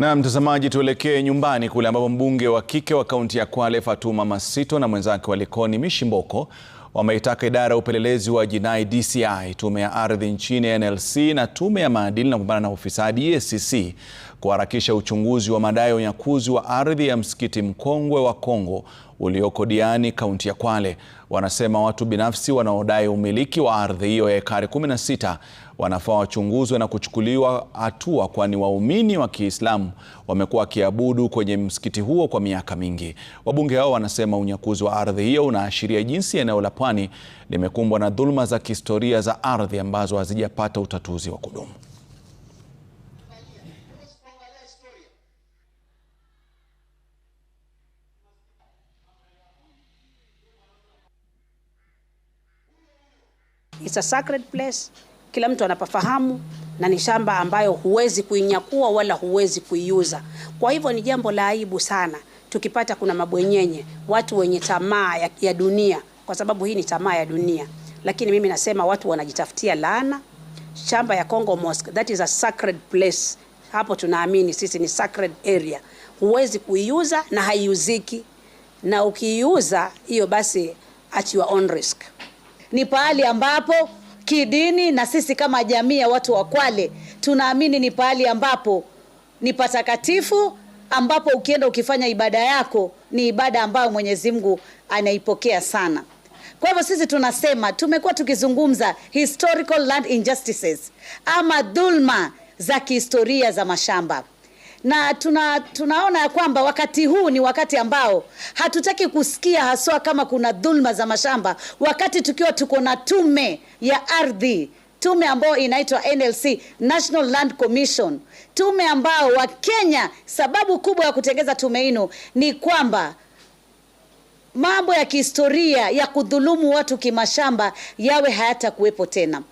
Na mtazamaji, tuelekee nyumbani kule ambapo mbunge wa kike wa kaunti ya Kwale Fatuma Masito na mwenzake wa Likoni Mishimboko wameitaka idara ya upelelezi wa jinai DCI, tume ya ardhi nchini NLC na tume ya maadili na kupambana na ufisadi EACC kuharakisha uchunguzi wa madai ya unyakuzi wa ardhi ya msikiti mkongwe wa Kongo ulioko Diani, kaunti ya Kwale. Wanasema watu binafsi wanaodai umiliki wa ardhi hiyo ya ekari 16 wanafaa wachunguzwe na kuchukuliwa hatua, kwani waumini wa Kiislamu wamekuwa wakiabudu kwenye msikiti huo kwa miaka mingi. Wabunge hao wanasema unyakuzi wa ardhi hiyo unaashiria jinsi eneo la pwani limekumbwa na dhuluma za kihistoria za ardhi ambazo hazijapata utatuzi wa kudumu. It's a sacred place, kila mtu anapafahamu na ni shamba ambayo huwezi kuinyakua wala huwezi kuiuza. Kwa hivyo ni jambo la aibu sana tukipata kuna mabwenyenye, watu wenye tamaa ya, ya dunia, kwa sababu hii ni tamaa ya dunia. Lakini mimi nasema watu wanajitafutia laana. Shamba ya Congo Mosque, that is a sacred place. Hapo tunaamini sisi ni sacred area, huwezi kuiuza na haiuziki, na ukiiuza hiyo basi at your own risk ni pahali ambapo kidini na sisi kama jamii ya watu wa Kwale tunaamini ni pahali ambapo ni patakatifu, ambapo ukienda ukifanya ibada yako ni ibada ambayo Mwenyezi Mungu anaipokea sana. Kwa hivyo sisi tunasema, tumekuwa tukizungumza historical land injustices ama dhulma za kihistoria za mashamba na tuna, tunaona ya kwamba wakati huu ni wakati ambao hatutaki kusikia haswa kama kuna dhulma za mashamba, wakati tukiwa tuko na tume ya ardhi, tume ambayo inaitwa NLC, National Land Commission, tume ambao wa kenya sababu kubwa ya kutengeza tume hino ni kwamba mambo ya kihistoria ya kudhulumu watu kimashamba yawe hayatakuwepo tena.